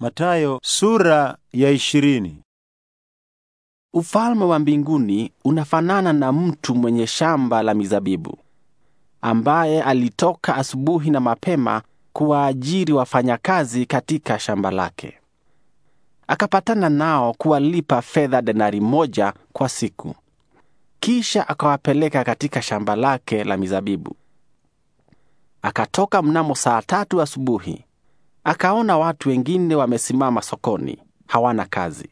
Matayo sura ya ishirini. Ufalme wa mbinguni unafanana na mtu mwenye shamba la mizabibu ambaye alitoka asubuhi na mapema kuwaajiri wafanyakazi katika shamba lake. Akapatana nao kuwalipa fedha denari moja kwa siku. Kisha akawapeleka katika shamba lake la mizabibu. Akatoka mnamo saa tatu asubuhi Akaona watu wengine wamesimama sokoni, hawana kazi.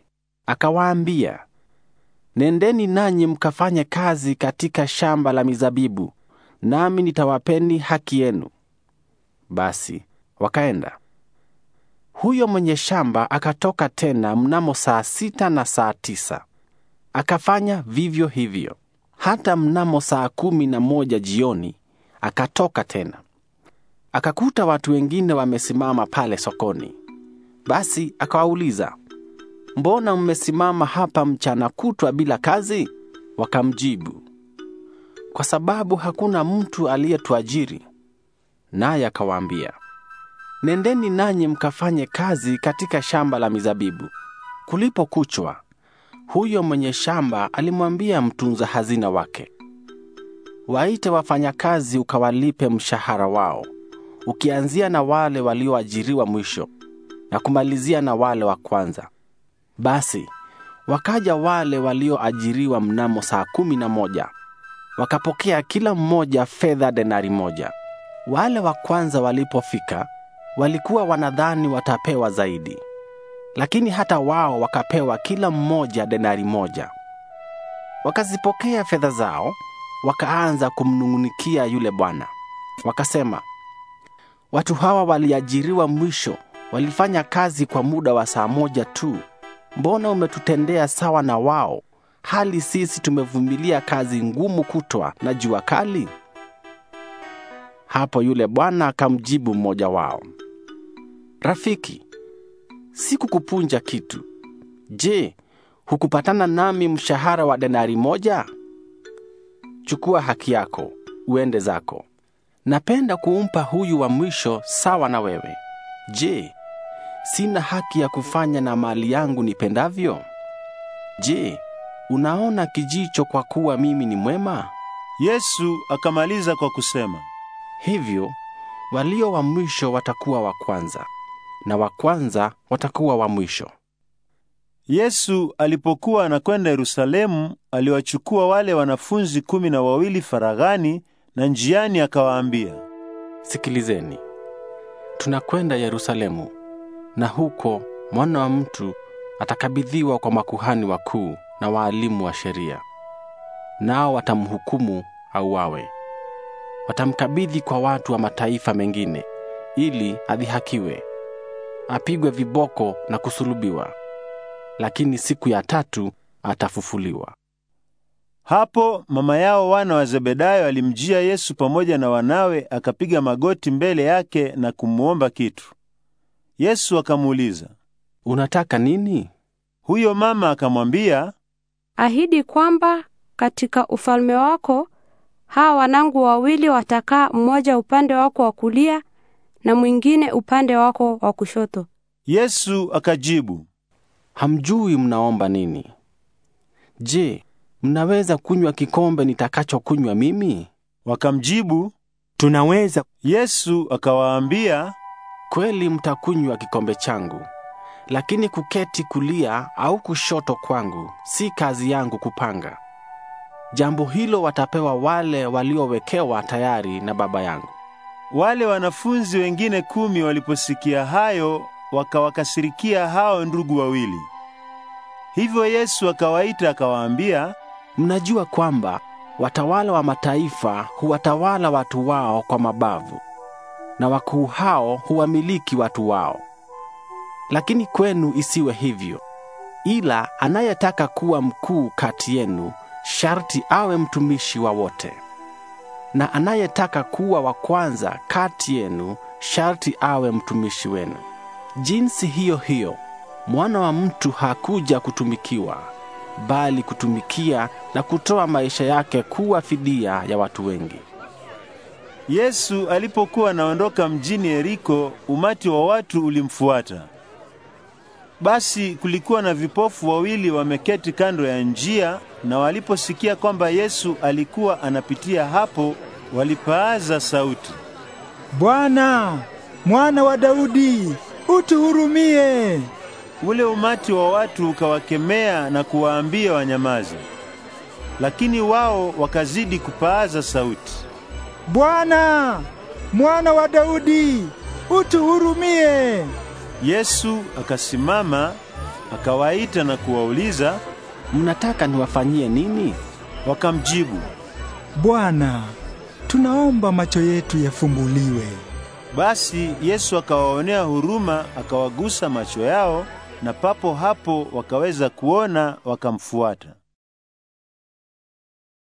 Akawaambia, nendeni nanyi mkafanye kazi katika shamba la mizabibu, nami nitawapeni haki yenu. Basi wakaenda. Huyo mwenye shamba akatoka tena mnamo saa sita na saa tisa akafanya vivyo hivyo. Hata mnamo saa kumi na moja jioni akatoka tena akakuta watu wengine wamesimama pale sokoni. Basi akawauliza, mbona mmesimama hapa mchana kutwa bila kazi? Wakamjibu, kwa sababu hakuna mtu aliyetuajiri. Naye akawaambia, nendeni nanyi mkafanye kazi katika shamba la mizabibu. Kulipo kuchwa, huyo mwenye shamba alimwambia mtunza hazina wake, waite wafanyakazi ukawalipe mshahara wao, ukianzia na wale walioajiriwa mwisho na kumalizia na wale wa kwanza. Basi wakaja wale walioajiriwa mnamo saa kumi na moja wakapokea kila mmoja fedha denari moja. Wale wa kwanza walipofika walikuwa wanadhani watapewa zaidi, lakini hata wao wakapewa kila mmoja denari moja. Wakazipokea fedha zao, wakaanza kumnung'unikia yule bwana, wakasema Watu hawa waliajiriwa mwisho, walifanya kazi kwa muda wa saa moja tu. Mbona umetutendea sawa na wao, hali sisi tumevumilia kazi ngumu kutwa na jua kali? Hapo yule bwana akamjibu mmoja wao, Rafiki, sikukupunja kitu. Je, hukupatana nami mshahara wa denari moja? Chukua haki yako, uende zako napenda kuumpa huyu wa mwisho sawa na wewe. Je, sina haki ya kufanya na mali yangu nipendavyo? Je, unaona kijicho kwa kuwa mimi ni mwema? Yesu akamaliza kwa kusema, hivyo walio wa mwisho watakuwa wa kwanza na wa kwanza watakuwa wa mwisho. Yesu alipokuwa anakwenda Yerusalemu, aliwachukua wale wanafunzi kumi na wawili faraghani na njiani akawaambia, sikilizeni, tunakwenda Yerusalemu, na huko mwana wa mtu atakabidhiwa kwa makuhani wakuu na waalimu wa sheria, nao watamhukumu auawe. Watamkabidhi kwa watu wa mataifa mengine ili adhihakiwe, apigwe viboko na kusulubiwa, lakini siku ya tatu atafufuliwa. Hapo mama yao wana wa Zebedayo alimjia Yesu pamoja na wanawe, akapiga magoti mbele yake na kumwomba kitu. Yesu akamuuliza, unataka nini? Huyo mama akamwambia, ahidi kwamba katika ufalme wako hawa wanangu wawili watakaa mmoja upande wako wa kulia na mwingine upande wako wa kushoto. Yesu akajibu, hamjui mnaomba nini. Je, mnaweza kunywa kikombe nitakachokunywa mimi? Wakamjibu, tunaweza. Yesu akawaambia, kweli mtakunywa kikombe changu, lakini kuketi kulia au kushoto kwangu si kazi yangu kupanga. Jambo hilo watapewa wale waliowekewa tayari na Baba yangu. Wale wanafunzi wengine kumi waliposikia hayo, wakawakasirikia hao ndugu wawili. Hivyo Yesu akawaita akawaambia, Mnajua kwamba watawala wa mataifa huwatawala watu wao kwa mabavu na wakuu hao huwamiliki watu wao. Lakini kwenu isiwe hivyo, ila anayetaka kuwa mkuu kati yenu sharti awe mtumishi wa wote, na anayetaka kuwa wa kwanza kati yenu sharti awe mtumishi wenu. Jinsi hiyo hiyo, mwana wa mtu hakuja kutumikiwa bali kutumikia na kutoa maisha yake kuwa fidia ya watu wengi. Yesu alipokuwa anaondoka mjini Yeriko, umati wa watu ulimfuata. Basi kulikuwa na vipofu wawili wameketi kando ya njia, na waliposikia kwamba Yesu alikuwa anapitia hapo, walipaaza sauti, Bwana, mwana wa Daudi, utuhurumie. Ule umati wa watu ukawakemea na kuwaambia wanyamaze, lakini wao wakazidi kupaaza sauti, Bwana, mwana wa Daudi, utuhurumie. Yesu akasimama akawaita na kuwauliza, mnataka niwafanyie nini? Wakamjibu, Bwana, tunaomba macho yetu yafumbuliwe. Basi Yesu akawaonea huruma, akawagusa macho yao na papo hapo wakaweza kuona wakamfuata.